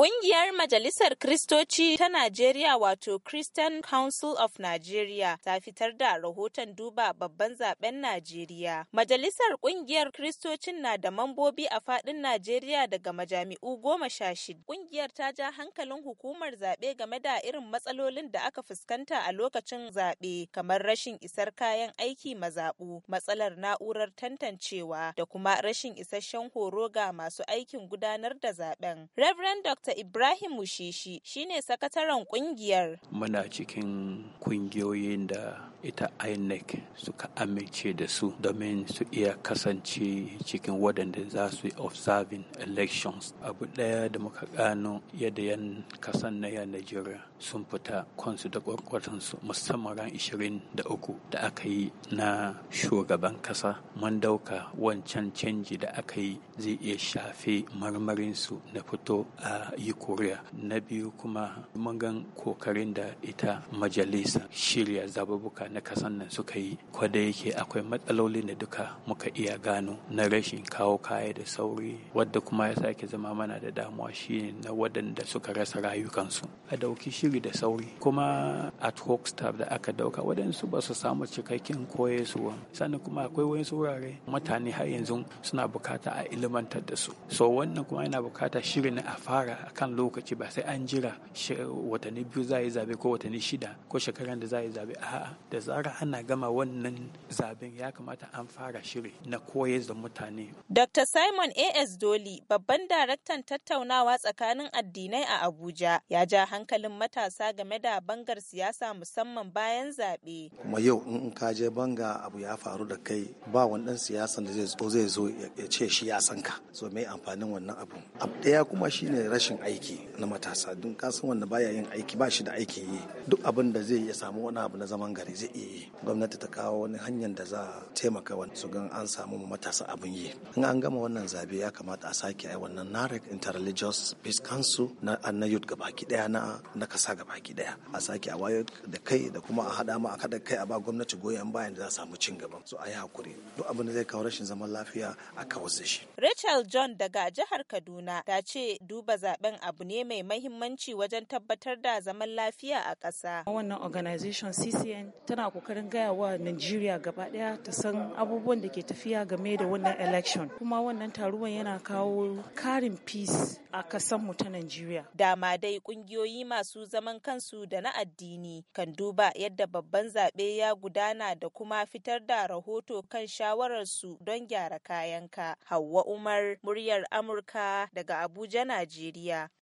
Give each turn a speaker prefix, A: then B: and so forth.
A: Ƙungiyar Majalisar Kristoci ta Najeriya wato Christian Council of Nigeria ta fitar da rahoton duba babban zaben Najeriya. Majalisar Ƙungiyar Kristocin na da mambobi a faɗin Najeriya daga majami'u goma sha shida. Ƙungiyar ta ja hankalin hukumar zaɓe game da irin matsalolin da aka fuskanta a lokacin zaɓe kamar rashin isar kayan aiki mazaɓu, matsalar na'urar tantancewa da kuma rashin isasshen horo ga masu aikin gudanar da zaɓen. Reverend Dr. Dr. Ibrahim Mushishi shine sakataren kungiyar.
B: Muna cikin kungiyoyin da ita INEC suka amince da su domin su iya kasance cikin waɗanda za su yi observing elections. Abu ɗaya da muka gano yadda yan kasan na yan Najeriya sun fita kwansu da ƙwarƙwatansu musamman ran 23 da aka yi na shugaban ƙasa. mun dauka wancan canji da aka yi zai iya shafe marmarinsu na fito a yi koriya na biyu kuma mun gan kokarin da ita majalisa shirya zababuka na kasan nan suka yi kwada yake akwai matsaloli da duka muka iya gano na rashin kawo kaya da sauri wadda kuma ya sake zama mana da damuwa shine na waɗanda suka rasa rayukansu a dauki shiri da sauri kuma at hoc staff da aka dauka waɗansu ba su samu cikakken koye su sannan kuma akwai wasu wurare mutane har yanzu suna bukata a ilimantar da su so wannan kuma yana bukata shirin a fara A kan lokaci ba sai an jira watanni biyu za a yi zabe ko watanni shida ko shekaran da za a yi zabe a'a da zarar ana gama wannan zaben ya kamata an fara shiri na koyar da mutane.
A: Dr. Simon A.S. Doli babban daraktan tattaunawa tsakanin addinai a Abuja ya ja hankalin matasa game da bangar siyasa musamman bayan zabe
C: Kuma yau in ka je banga abu ya faru da kai ba wani dan siyasan da zai zo ya ce shi ya san ka so me amfanin wannan abu. Abu ɗaya kuma shine rashin aiki na matasa don kasan wanda baya yin aiki ba shi da aikin yi duk abin da zai ya samu wani abu na zaman gari zai iya yi gwamnati ta kawo wani hanyar da za a taimaka wani su gan an samu matasa abin yi in an gama wannan zabe ya kamata a sake ai wannan narek interreligious peace council na na youth gabaki daya na na kasa gabaki daya a sake a wayo da kai da kuma a hada ma a kada kai a ba gwamnati goyon bayan da za a samu cin gaba so a yi hakuri duk abin da zai kawo rashin zaman lafiya a kawo shi
A: Rachel John daga jihar Kaduna ta ce duba zaben ɗin abu ne mai mahimmanci wajen tabbatar da zaman lafiya a ƙasa. Wannan organization CCN tana kokarin gaya wa Najeriya gaba ɗaya ta san abubuwan da ke tafiya game da wannan election. Kuma wannan taruwan yana kawo karin peace a ƙasar mu ta Najeriya. Dama dai ƙungiyoyi masu zaman kansu da na addini kan duba yadda babban zaɓe ya gudana da kuma fitar da rahoto kan shawararsu don gyara kayan ka. Hauwa Umar, muryar Amurka daga Abuja, Najeriya. media